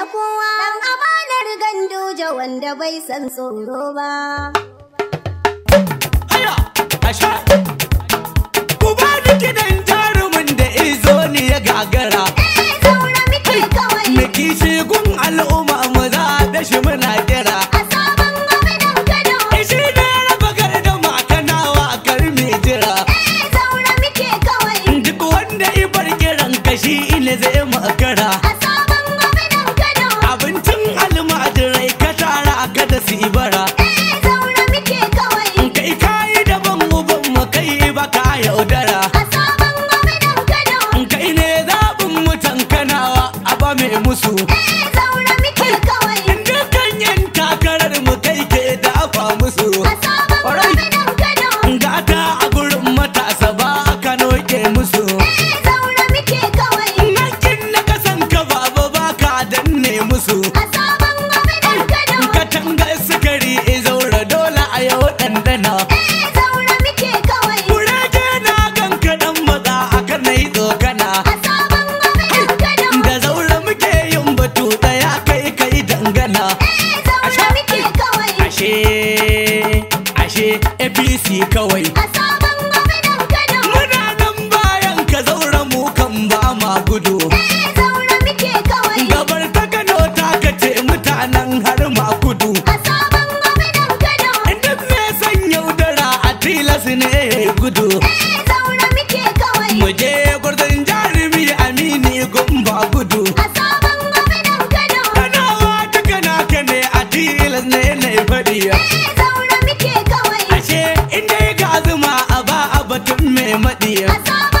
na kowa amanar gandoja wanda bai san tsoro ba. Asaba. faɗi ya eh, zaune muke kawai ashe inda ya ga azuma a ba a batun mai maɗiya a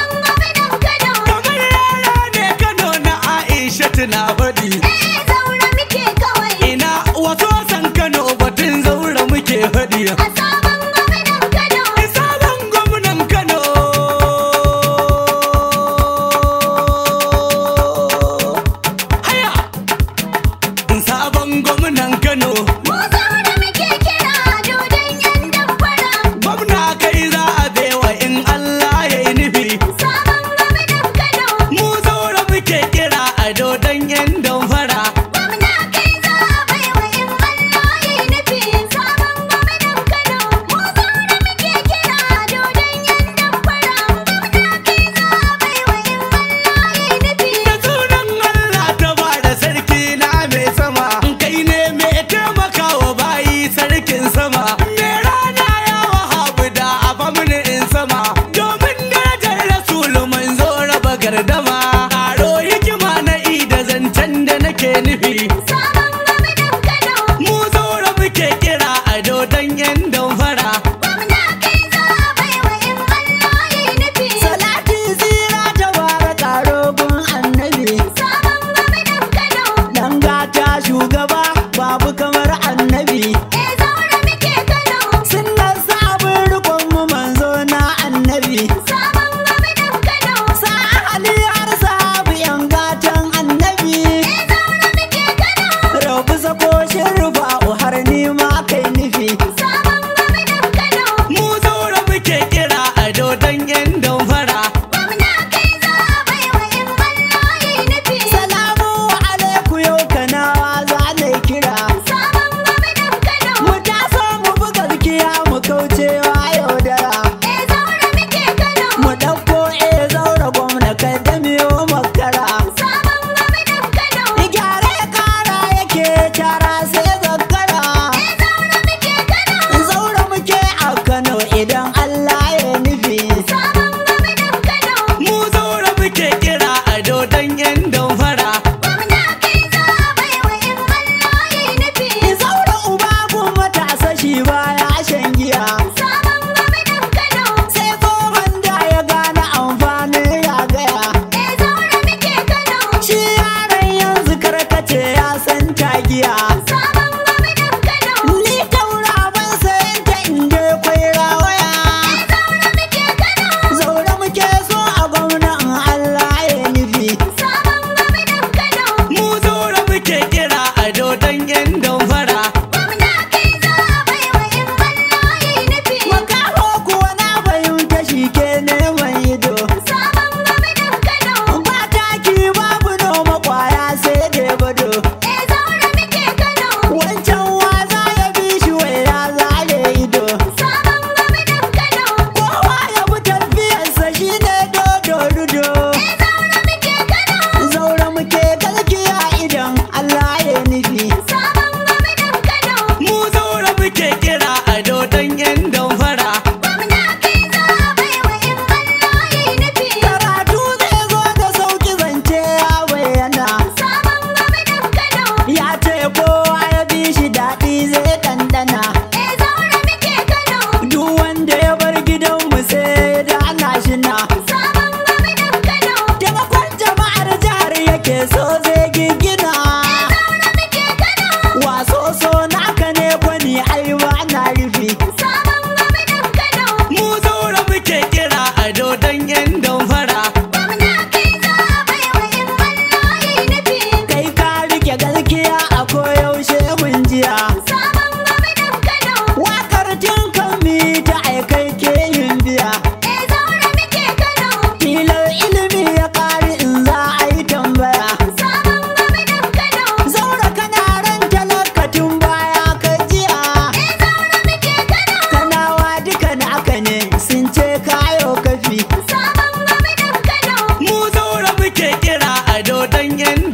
que đồ đánh em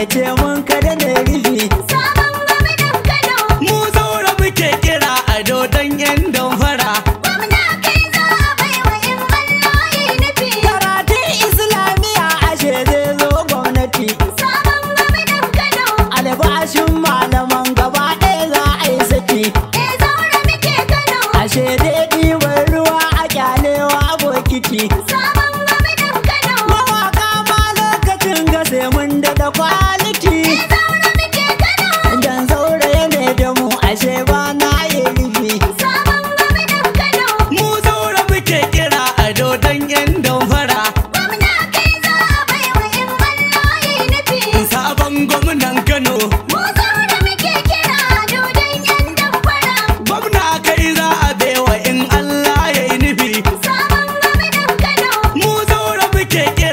é de take it.